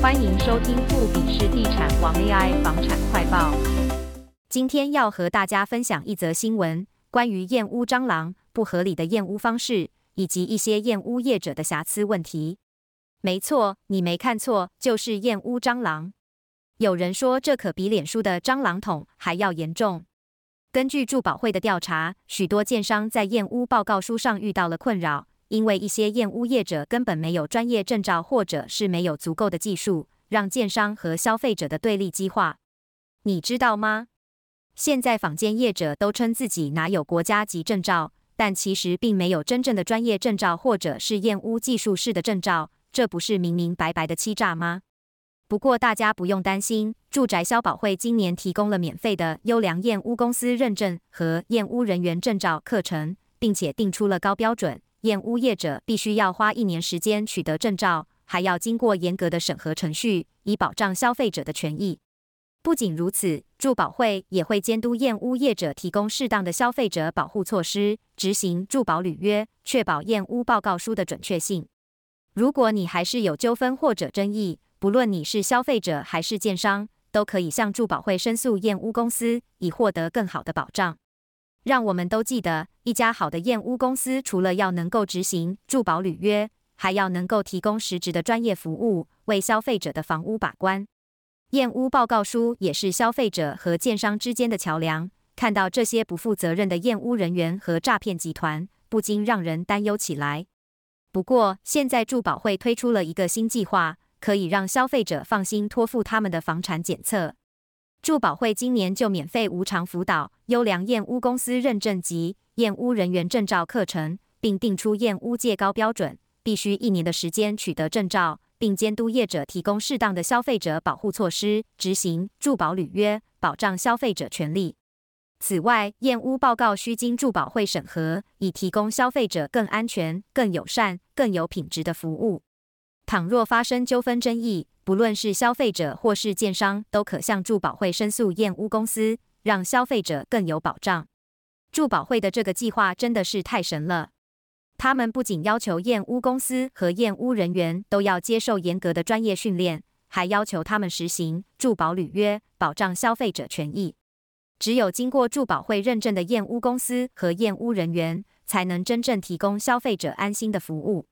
歡迎收聽富比士地產王 AI 房產快報。今天要和大家分享一則新聞，關於驗屋蟑螂、不合理的驗屋方式，以及一些驗屋業者的瑕疵問題。沒錯，你沒看錯，就是驗屋蟑螂。有人說這可比臉書的蟑螂桶還要嚴重。根據住保會的調查，許多建商在驗屋報告書上遇到了困擾。因為一些驗屋業者根本沒有專業證照，或者是沒有足夠的技術，讓建商和消費者的對立激化。你知道嗎？現在坊間業者都稱自己拿有國家級證照，但其實並沒有真正的專業證照，或者是驗屋技術士的證照，這不是明明白白的欺詐嗎？不過大家不用擔心，住宅消保會今年提供了免費的優良驗屋公司認證和驗屋人員證照課程，並且定出了高標準。驗屋業者必須要花一年時間取得證照，還要經過嚴格的審核程序，以保障消費者的權益。不僅如此，住保會也會監督驗屋業者提供適當的消費者保護措施，執行住保履約，確保驗屋報告書的準確性。如果你還是有糾紛或者爭議，不論你是消費者還是建商，都可以向住保會申訴驗屋公司，以獲得更好的保障。讓我們都記得，一家好的驗屋公司除了要能夠執行住保履約，還要能夠提供實質的專業服務，為消費者的房屋把關。驗屋報告書也是消費者和建商之間的橋樑。看到這些不負責任的驗屋人員和詐騙集團，不禁讓人擔憂起來。不過，現在住保會推出了一個新計劃，可以讓消費者放心托付他們的房產檢測。住保會今年就免費無償輔導優良驗屋公司認證及驗屋人員證照課程，並定出驗屋界高標準，必須一年的時間取得證照，並監督業者提供適當的消費者保護措施，執行住保履約，保障消費者權利。此外，驗屋報告需經住保會審核，以提供消費者更安全、更友善、更有品質的服務。倘若發生糾紛爭議，不論是消費者或是建商，都可向住保會申訴驗屋公司，讓消費者更有保障。住保會的這個計劃真的是太神了！他們不僅要求驗屋公司和驗屋人員都要接受嚴格的專業訓練，還要求他們實行住保履約，保障消費者權益。只有經過住保會認證的驗屋公司和驗屋人員，才能真正提供消費者安心的服務。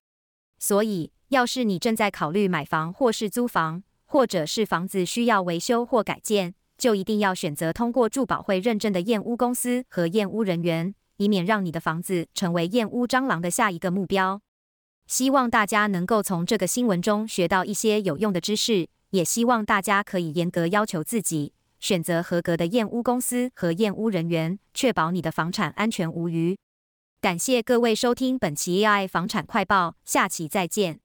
所以。要是你正在考慮買房或是租房，或者是房子需要維修或改建，就一定要選擇通過住保會認證的驗屋公司和驗屋人員，以免讓你的房子成為驗屋蟑螂的下一個目標。希望大家能夠從這個新聞中學到一些有用的知識，也希望大家可以嚴格要求自己，選擇合格的驗屋公司和驗屋人員，確保你的房產安全無虞。感謝各位收聽本期 AI 房產快報，下期再見。